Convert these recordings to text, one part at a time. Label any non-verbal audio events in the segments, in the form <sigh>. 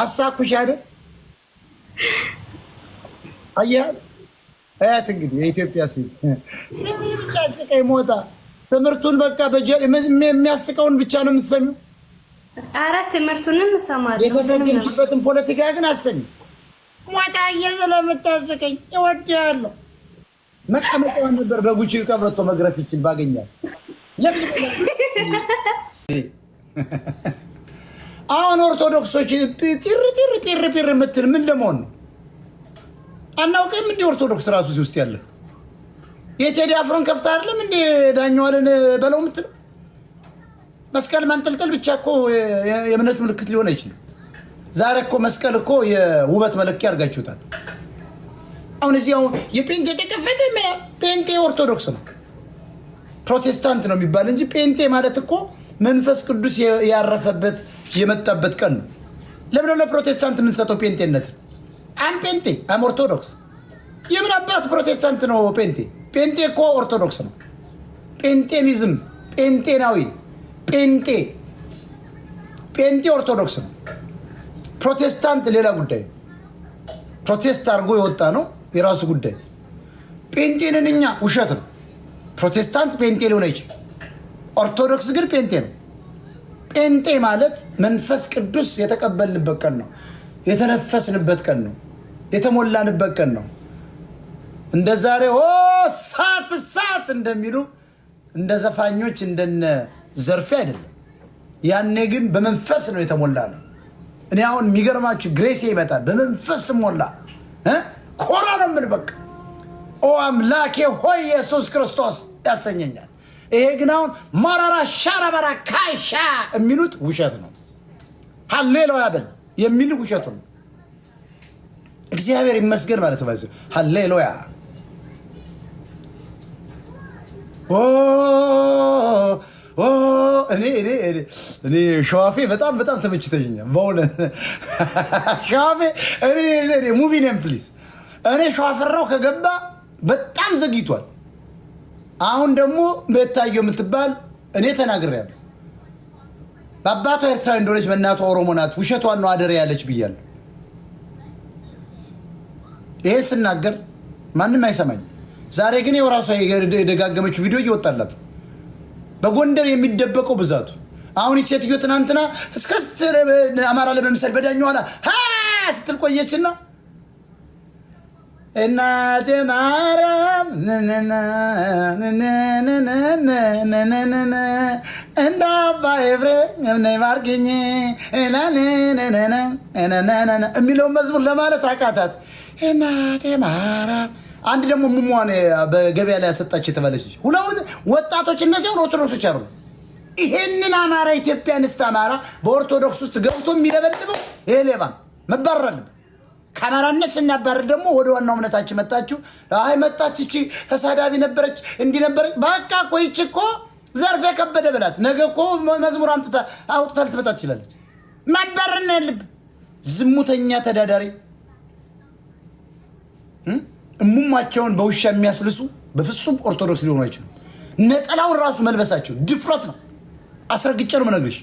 አሳኩሽ አይደል? አያል አያት እንግዲህ የኢትዮጵያ ሴት ስቀኝ ሞታ ትምህርቱን በቃ በጀ የሚያስቀውን ብቻ ነው የምትሰሚ። አረ ትምህርቱንም እሰማለሁ። የተሰደበትን ፖለቲካ ግን አሰሚ ሞታ እየዘለምታስቀኝ እወዳለሁ። መቀመጫ ነበር በጉቺ ቀበቶ መግረፍ ይችል ባገኛል። አሁን ኦርቶዶክሶች ጢር ጢር ጢር ጢር የምትል ምን ለመሆን ነው? አናውቅም። እንደ ኦርቶዶክስ ራሱ እዚህ ውስጥ ያለ የቴዲ አፍሮን ከፍታ አይደለም እንደ ዳኛዋልን በለው የምትል መስቀል ማንጠልጠል ብቻ እኮ የእምነት ምልክት ሊሆን አይችልም። ዛሬ እኮ መስቀል እኮ የውበት መለኪያ አድርጋችሁታል። አሁን እዚህ አሁን የጴንጤ ተከፈተ ጴንጤ ኦርቶዶክስ ነው ፕሮቴስታንት ነው የሚባል እንጂ ጴንጤ ማለት እኮ መንፈስ ቅዱስ ያረፈበት የመጣበት ቀን ነው። ለምን ለፕሮቴስታንት የምንሰጠው ጴንጤነትን? አም ጴንጤ አም ኦርቶዶክስ። የምን አባት ፕሮቴስታንት ነው ጴንጤ? ጴንጤ እኮ ኦርቶዶክስ ነው። ጴንጤኒዝም፣ ጴንጤናዊ፣ ጴንጤ ጴንጤ ኦርቶዶክስ ነው። ፕሮቴስታንት ሌላ ጉዳይ ፕሮቴስት አድርጎ የወጣ ነው የራሱ ጉዳይ። ጴንጤንን እኛ ውሸት ነው። ፕሮቴስታንት ጴንጤ ሊሆን አይችል ኦርቶዶክስ ግን ጴንጤ ነው። ጴንጤ ማለት መንፈስ ቅዱስ የተቀበልንበት ቀን ነው፣ የተነፈስንበት ቀን ነው፣ የተሞላንበት ቀን ነው። እንደ ዛሬ ሳት ሳት እንደሚሉ እንደ ዘፋኞች እንደነ ዘርፌ አይደለም። ያኔ ግን በመንፈስ ነው የተሞላ ነው። እኔ አሁን የሚገርማችሁ ግሬሴ ይመጣል፣ በመንፈስ ሞላ ኮራ ነው የምል በቃ ኦ አምላኬ ሆይ ኢየሱስ ክርስቶስ ያሰኘኛል። ይሄ ግን አሁን ማራራ ሻራባራ ካሻ የሚሉት ውሸት ነው። ሀሌሉያ በል የሚል ውሸቱ ነው። እግዚአብሔር ይመስገን ማለት ነው። ሀሌሉያ እኔ ሸዋፌ በጣም በጣም ተመችቶኛል። በእውነት <laughs> ሸዋፌ ሙቪ ነም ፕሊዝ እኔ ሸዋፈራው ከገባ በጣም ዘግይቷል። አሁን ደግሞ እታየሁ የምትባል እኔ ተናግሬያለሁ። በአባቷ ኤርትራዊ እንደሆነች በእናቷ ኦሮሞ ናት፣ ውሸቷን ነው አደረ ያለች ብያለሁ። ይሄ ስናገር ማንም አይሰማኝ። ዛሬ ግን የራሷ የደጋገመች ቪዲዮ እየወጣላት በጎንደር የሚደበቀው ብዛቱ አሁን ሴትዮ ትናንትና እስከ አማራ ለመምሰል በዳኝ ኋላ ስትል ቆየችና እናቴ ማርያም እንደ አባ ኤፍሬ ነይ ባርኪኝ የሚለውን መዝሙር ለማለት አቃታት። እናቴ ማርያም አንድ ደግሞ ሙሟን በገበያ ላይ ያሰጣች የተባለች ሁለውን ወጣቶች እነዚህ ኦርቶዶክሶች አሉ። ይሄንን አማራ ኢትዮጵያን አማራ በኦርቶዶክስ ውስጥ ገብቶ የሚለበልበው ይሄ ሌባ መባረር አለበት። ከአማራነት ስናባረር ደግሞ ወደ ዋናው እምነታችን መጣችሁ። አይ መጣች እቺ ተሳዳቢ ነበረች እንዲህ ነበረች። በቃ እኮ ይቺ እኮ ዘርፍ የከበደ በላት። ነገ እኮ መዝሙር አምጥታ አውጥታ ልትመጣ ትችላለች። ማባረር ያለብን ዝሙተኛ ተዳዳሪ እሙማቸውን በውሻ የሚያስልሱ በፍጹም ኦርቶዶክስ ሊሆኑ አይችሉም። ነጠላውን ራሱ መልበሳቸው ድፍረት ነው። አስረግጬ ነው የምነግርሽ።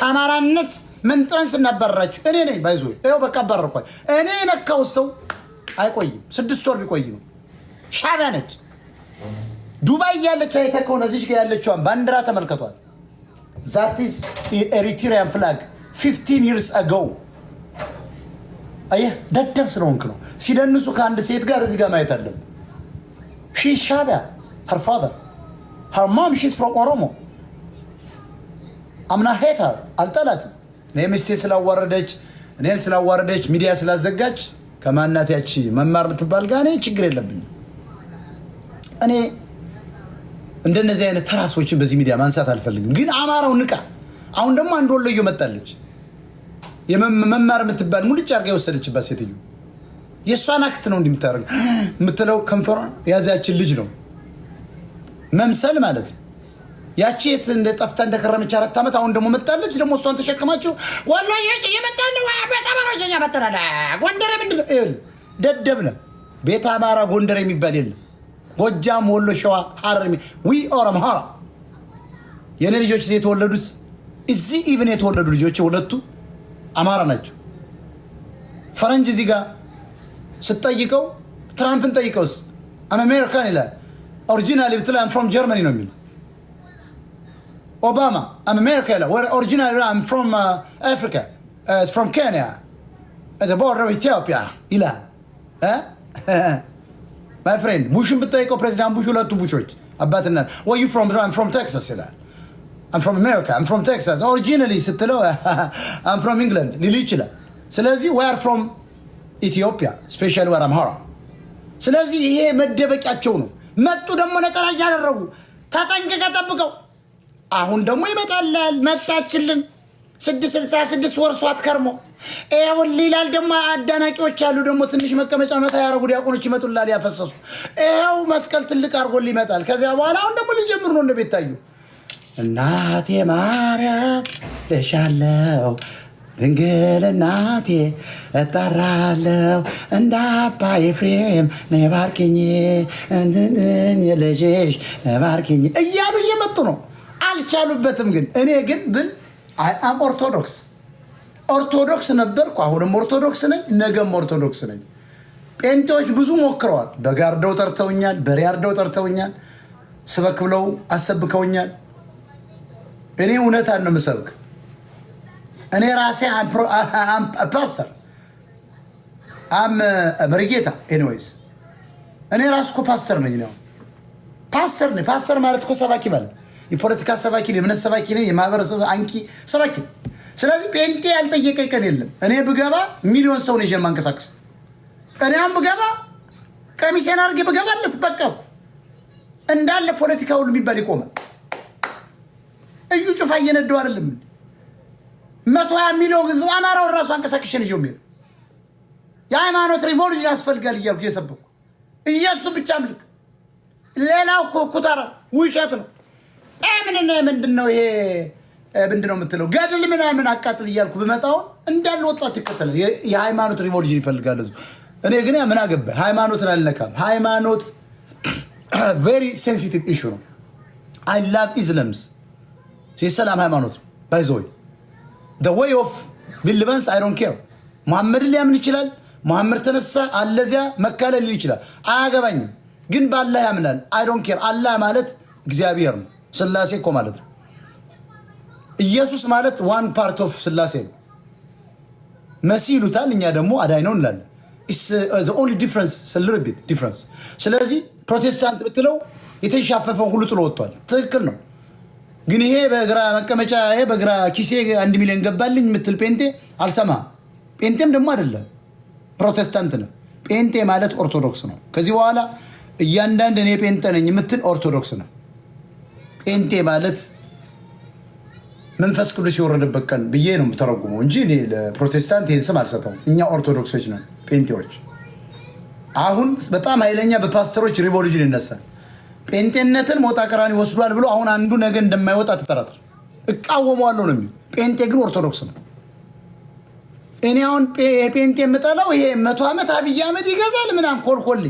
ከአማራነት ምንጥረን ስናባረራችሁ እኔ ነኝ። ባይዞ ይኸው በቃ አባረርኳል። እኔ የመካው ሰው አይቆይም። ስድስት ወር ቢቆይ ነው። ነች። ዱባይ ያለች አይተህ ከሆነ እዚች ጋር ያለችዋን ባንዲራ ተመልከቷል። ዛቲስ ኤሪትሪያን ፍላግ ፊፍቲን ይርስ አገው አየህ፣ ደደብ ስለሆንክ ነው። ሲደንሱ ከአንድ ሴት ጋር እዚህ ጋር ማየት አለም ሺ ሻዕቢያ ሀር ፋዘር ሀር ማም ሺስ ፍሮም ኦሮሞ አምና ሄታ አልጠላትም። እኔ ሚስቴ ስላዋረደች እኔን ስላዋረደች ሚዲያ ስላዘጋች ከማናት ያቺ መማር ምትባል ጋር እኔ ችግር የለብኝም። እኔ እንደነዚህ አይነት ተራሶችን በዚህ ሚዲያ ማንሳት አልፈልግም። ግን አማራው ንቃ። አሁን ደግሞ አንድ ወሎዮ መጣለች፣ መማር የምትባል ሙልጭ አርጋ የወሰደችባት ሴትዮ የእሷን አክት ነው እንዲህ <gasps> የምትለው ከንፈሯ ያዛችን ልጅ ነው መምሰል ማለት ነው። ያቺ የት እንደ ጠፍታ እንደከረመች አራት ዓመት አሁን ደግሞ መጣለች። ደግሞ እሷን ተሸክማችሁ ወሎ ይጭ የመጣለ ጠበሮኛ መጠናለ ጎንደር ደደብ ደደብነ ቤት አማራ ጎንደር የሚባል የለም። ጎጃም፣ ወሎ፣ ሸዋ፣ ሐረር ዊ ኦሮም ሆራ የእኔ ልጆች የተወለዱት እዚህ ኢቭን የተወለዱ ልጆች ሁለቱ አማራ ናቸው። ፈረንጅ እዚህ ጋር ስትጠይቀው ትራምፕን ጠይቀውስ አሜሪካን ይላል። ኦሪጂናሊ ብትላ ፍሮም ጀርመኒ ነው የሚለው Obama, I'm American. Where originally I'm from uh, Africa, uh, from Kenya, at the border of Ethiopia, Ilan. Eh? <laughs> My friend, Bush and Bateko, President Bush, you to Bush. Where you from? I'm from Texas, Ilan. I'm from America, I'm from Texas. Originally, <laughs> I'm from England, Lilichila. Selezi, we are from Ethiopia, especially where I'm from. Selezi, here, Medebek Achonu. Met to the Monaco, Yarrow. ከጠንቅቀ ጠብቀው አሁን ደግሞ ይመጣላል። መጣችልን ስድስት ስልሳ ስድስት ወርሷት ከርሞ ይሁን ሊላል ደግሞ አዳናቂዎች አሉ። ደግሞ ትንሽ መቀመጫ መታ ያደረጉ ዲያቆኖች ይመጡላል ያፈሰሱ። ይኸው መስቀል ትልቅ አድርጎል ይመጣል። ከዚያ በኋላ አሁን ደግሞ ሊጀምር ነው። እንደቤት ታዩ እናቴ ማርያም እሻለው ድንግል እናቴ እጠራለሁ እንደ አባ ኤፍሬም ነባርኪኝ ልጅሽ ነባርኪኝ እያሉ እየመጡ ነው አልቻሉበትም። ግን እኔ ግን ብል አም ኦርቶዶክስ ኦርቶዶክስ ነበርኩ፣ አሁንም ኦርቶዶክስ ነኝ፣ ነገም ኦርቶዶክስ ነኝ። ጴንጤዎች ብዙ ሞክረዋል። በግ አርደው ጠርተውኛል፣ በሬ አርደው ጠርተውኛል፣ ስበክ ብለው አሰብከውኛል። እኔ እውነት ነው የምሰብክ። እኔ ራሴ ፓስተር አም በርጌታ ኤኒዌይስ እኔ ራሱ ፓስተር ነኝ ነው ፓስተር ነኝ። ፓስተር ማለት እኮ ሰባኪ ማለት የፖለቲካ ሰባኪ ነው፣ የእምነት ሰባኪ ነው፣ የማህበረሰብ አንቂ ሰባኪ። ስለዚህ ጴንጤ ያልጠየቀኝ ቀን የለም። እኔ ብገባ ሚሊዮን ሰው ነው ይዤ የማንቀሳቀስ። እኔ ብገባ ቀሚሴን አድርጌ ብገባለት በቃ እንዳለ ፖለቲካ ሁሉ የሚባል ይቆማል። እዩ ጩፋ እየነደው አይደለም መቶ ሀያ ሚሊዮን ህዝብ አማራውን ራሱ አንቀሳቀሽን ይዤ የሚሄድ የሃይማኖት ሪቮሉሽን ያስፈልጋል እያልኩ እየሰበኩ እየሱ ብቻ ምልክ ሌላው ኩታራ ውሸት ነው። አምንነ ምንድን ነው ይሄ ምንድን ነው የምትለው ገድል ምናምን አቃጥል እያልኩ ብመጣው እንዳለ ወጣት ይከተላል። የሃይማኖት ሪቮሉሽን ይፈልጋል እሱ። እኔ ግን ምን አገባኝ፣ ሃይማኖትን አልነካም። ሃይማኖት ቬሪ ሴንሲቲቭ ኢሹ ነው። አይ ላቭ ኢዝለምስ የሰላም ሃይማኖት ባይ ዘ ወይ ደ ወይ ኦፍ ቢሊቨንስ አይ ዶንት ኬር። መሐመድን ሊያምን ይችላል። መሐመድ ተነሳ አለዚያ መካለል ይችላል። አያገባኝም። ግን በአላህ ያምናል። አይ ዶንት ኬር። አላህ ማለት እግዚአብሔር ነው። ስላሴ እኮ ማለት ነው። ኢየሱስ ማለት ዋን ፓርት ኦፍ ስላሴ ነው። መሲ ይሉታል፣ እኛ ደግሞ አዳኝ ነው እንላለን። ኦንሊ ዲፍረንስ ዲፍረንስ። ስለዚህ ፕሮቴስታንት ብትለው የተሻፈፈ ሁሉ ጥሎ ወጥቷል። ትክክል ነው። ግን ይሄ በግራ መቀመጫ ይሄ በግራ ኪሴ አንድ ሚሊዮን ገባልኝ የምትል ጴንጤ አልሰማ ጴንጤም ደግሞ አይደለም ፕሮቴስታንት ነው። ጴንጤ ማለት ኦርቶዶክስ ነው። ከዚህ በኋላ እያንዳንድ እኔ ጴንጤ ነኝ የምትል ኦርቶዶክስ ነው። ጴንጤ ማለት መንፈስ ቅዱስ የወረደበት ቀን ብዬ ነው የምተረጉመው እንጂ ለፕሮቴስታንት ይህን ስም አልሰጠው። እኛ ኦርቶዶክሶች ነው ጴንጤዎች። አሁን በጣም ኃይለኛ በፓስተሮች ሪቮሉሽን ይነሳል። ጴንጤነትን ሞጣ ቀራኒ ወስዷል ብሎ አሁን አንዱ ነገ እንደማይወጣ ተጠራጥር እቃወመዋለሁ ነው የሚል ጴንጤ ግን ኦርቶዶክስ ነው። እኔ አሁን ጴንጤ የምጠላው ይሄ መቶ ዓመት አብይ አህመድ ይገዛል ምናምን ኮልኮሌ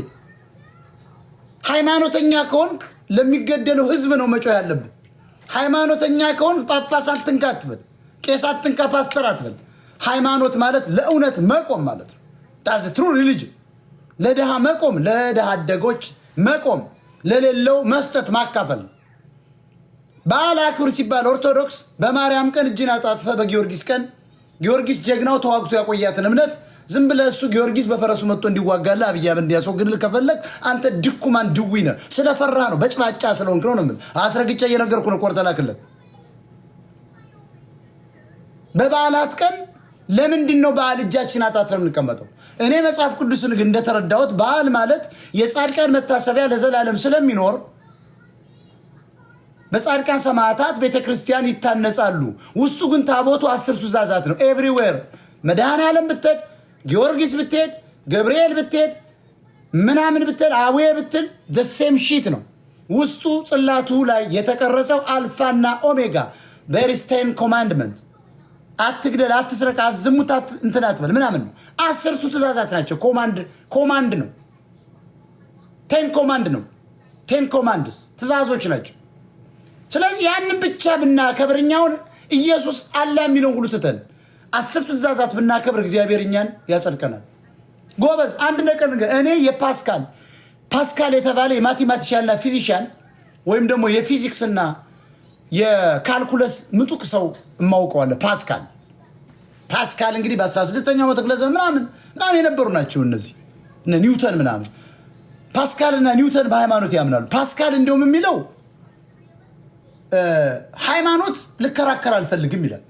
ሃይማኖተኛ ከሆንክ ለሚገደለው ህዝብ ነው መጮህ ያለብን። ሃይማኖተኛ ከሆንክ ጳጳስ አትንካ አትበል፣ ቄስ አትንካ፣ ፓስተር አትበል። ሃይማኖት ማለት ለእውነት መቆም ማለት ነው። ዳዝ ትሩ ሪሊጅን። ለድሃ መቆም፣ ለድሃ አደጎች መቆም፣ ለሌለው መስጠት ማካፈል። በዓል አክብር ሲባል ኦርቶዶክስ በማርያም ቀን እጅን አጣጥፈ በጊዮርጊስ ቀን ጊዮርጊስ ጀግናው ተዋግቶ ያቆያትን እምነት ዝም ብለ እሱ ጊዮርጊስ በፈረሱ መጥቶ እንዲዋጋለ አብይ አህመድ እንዲያስወግድልህ ከፈለግ አንተ ድኩማን ድዊ ነ ስለፈራ ነው፣ በጭባጫ ስለሆንክ ነው። ነው አስረግጫ እየነገርኩ ነው። ቆርጠህ ላክለት። በበዓላት ቀን ለምንድን ነው በዓል እጃችን አጣጥፈን የምንቀመጠው? እኔ መጽሐፍ ቅዱስን ግን እንደተረዳሁት በዓል ማለት የጻድቃን መታሰቢያ ለዘላለም ስለሚኖር በጻድቃን ሰማዕታት ቤተ ክርስቲያን ይታነጻሉ። ውስጡ ግን ታቦቱ አስር ትእዛዛት ነው። ኤቭሪዌር መድኃኔ ዓለም ብትሄድ፣ ጊዮርጊስ ብትሄድ፣ ገብርኤል ብትሄድ፣ ምናምን ብትሄድ፣ አዌ ብትል ደሴም ሺት ነው። ውስጡ ጽላቱ ላይ የተቀረጸው አልፋና ኦሜጋ በሪስቴን ኮማንድመንት አትግደል፣ አትስረቅ፣ አዝሙት እንትን አትበል ምናምን ነው። አስርቱ ትእዛዛት ናቸው። ኮማንድ ነው። ቴን ኮማንድ ነው። ቴን ኮማንድስ ትእዛዞች ናቸው። ስለዚህ ያንን ብቻ ብናከብር እኛውን ኢየሱስ አለ የሚለው ሁሉ ትተን አስርቱ ትእዛዛት ብናከብር እግዚአብሔር እኛን ያጸድቀናል። ጎበዝ አንድ ነገር ነገር እኔ የፓስካል ፓስካል የተባለ የማቴማቲሻንና ፊዚሽያን ወይም ደግሞ የፊዚክስና የካልኩለስ ምጡቅ ሰው እማውቀዋለ ፓስካል ፓስካል እንግዲህ በ 16 መቶ ክፍለ ዘመን ምናምን ምናምን የነበሩ ናቸው እነዚህ ኒውተን ምናምን ፓስካልና ኒውተን በሃይማኖት ያምናሉ። ፓስካል እንዲሁም የሚለው ሃይማኖት ልከራከር አልፈልግም ይላል።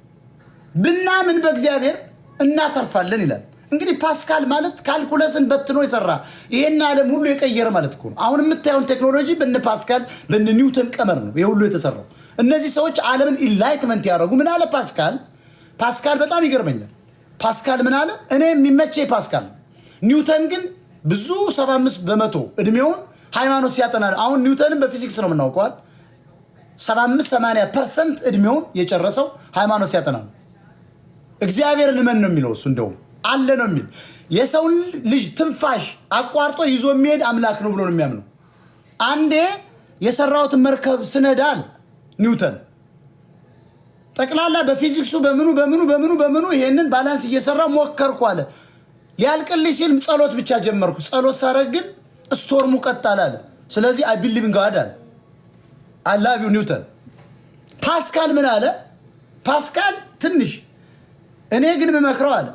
ብናምን በእግዚአብሔር እናተርፋለን ይላል። እንግዲህ ፓስካል ማለት ካልኩለስን በትኖ የሰራ ይህን ዓለም ሁሉ የቀየረ ማለት እኮ ነው። አሁን የምታየውን ቴክኖሎጂ በነ ፓስካል በነ ኒውተን ቀመር ነው ይህ የተሰራው። እነዚህ ሰዎች ዓለምን ኢንላይትመንት ያደረጉ ምን አለ ፓስካል? ፓስካል በጣም ይገርመኛል። ፓስካል ምን አለ? እኔ የሚመቼ ፓስካል ነው። ኒውተን ግን ብዙ 75 በመቶ እድሜውን ሃይማኖት ሲያጠና አሁን ኒውተንን በፊዚክስ ነው የምናውቀዋል 75 ፐርሰንት እድሜውን የጨረሰው ሃይማኖት ሲያጠና ነው። እግዚአብሔር ልመን ነው የሚለው እሱ እንደውም አለ ነው የሚል የሰውን ልጅ ትንፋሽ አቋርጦ ይዞ የሚሄድ አምላክ ነው ብሎ ነው የሚያምነው። አንዴ የሰራሁትን መርከብ ስነዳል ኒውተን ጠቅላላ በፊዚክሱ በምኑ በምኑ በምኑ በምኑ ይሄንን ባላንስ እየሰራ ሞከርኩ አለ። ሊያልቅልኝ ሲል ጸሎት ብቻ ጀመርኩ። ጸሎት ሳረግ ግን ስቶርሙ ቀጣል አለ። ስለዚህ አይ ቢሊቭ ኢን ጋድ አለ። አላቪው ኒውተን። ፓስካል ምን አለ? ፓስካል ትንሽ እኔ ግን ምመክረው አለ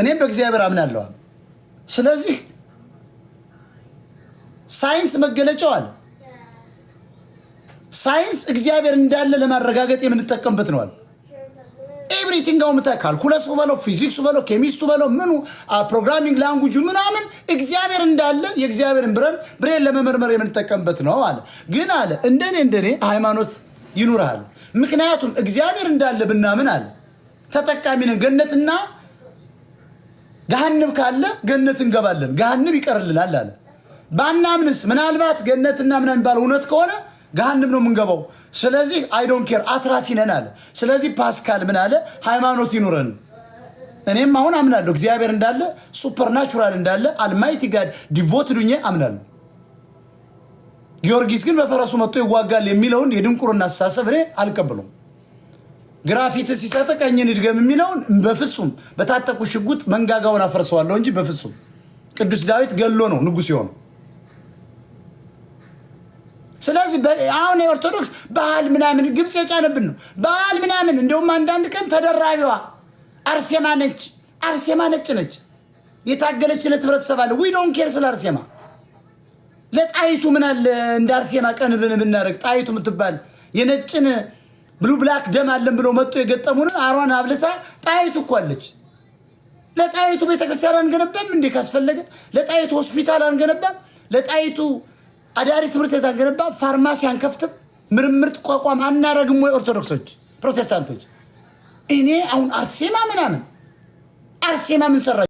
እኔም በእግዚአብሔር አምናለሁ ስለዚህ ሳይንስ መገለጫው አለ ሳይንስ እግዚአብሔር እንዳለ ለማረጋገጥ የምንጠቀምበት ነው ኤቭሪቲንግ አሁን ምታይ ካልኩለሱ በለው ፊዚክሱ በለው ኬሚስቱ በለው ምኑ ፕሮግራሚንግ ላንጉጁ ምናምን እግዚአብሔር እንዳለ የእግዚአብሔርን ብረን ብሬን ለመመርመር የምንጠቀምበት ነው አለ። ግን አለ እንደኔ እንደኔ ሃይማኖት ይኑራል። ምክንያቱም እግዚአብሔር እንዳለ ብናምን አለ ተጠቃሚ ነን። ገነትና ገሃንም ካለ ገነት እንገባለን፣ ገሃንም ይቀርልናል አለ። ባናምንስ ምናልባት ገነትና ምናምን የሚባለው እውነት ከሆነ ገሃንም ነው የምንገባው። ስለዚህ አይዶን ኬር አትራፊ ነን አለ። ስለዚህ ፓስካል ምን አለ? ሃይማኖት ይኑረን። እኔም አሁን አምናለሁ እግዚአብሔር እንዳለ ሱፐርናቹራል እንዳለ አልማይቲ ጋድ ዲቮት ዱኜ አምናለሁ። ጊዮርጊስ ግን በፈረሱ መጥቶ ይዋጋል የሚለውን የድንቁርና አስተሳሰብ እኔ አልቀብሉም። ግራፊት ሲሰጥ ቀኝን ይድገም የሚለውን በፍጹም በታጠቁ ሽጉጥ መንጋጋውን አፈርሰዋለሁ እንጂ በፍጹም ቅዱስ ዳዊት ገሎ ነው ንጉሥ የሆነው። ስለዚህ አሁን የኦርቶዶክስ ባህል ምናምን ግብፅ የጫነብን ነው። ባህል ምናምን እንደውም አንዳንድ ቀን ተደራቢዋ አርሴማ ነች፣ አርሴማ ነጭ ነች። የታገለችለት ህብረተሰብ አለ። ዊ ዶን ኬር ስለ አርሴማ። ለጣይቱ ምን አለ እንደ አርሴማ ቀን ብን ብናደርግ ጣይቱ የምትባል የነጭን ብሉ ብላክ ደም አለን ብሎ መጡ የገጠሙን አሯን አብልታ ጣይቱ እኮ አለች። ለጣይቱ ቤተክርስቲያን አንገነባም እንዴ? ካስፈለገ ለጣይቱ ሆስፒታል አንገነባም? ለጣይቱ አዳሪ ትምህርት ቤት አንገነባ፣ ፋርማሲ አንከፍትም፣ ምርምር ቋቋም አናረግም ወይ? ኦርቶዶክሶች፣ ፕሮቴስታንቶች እኔ አሁን አርሴማ ምናምን አርሴማ ምን ሰራ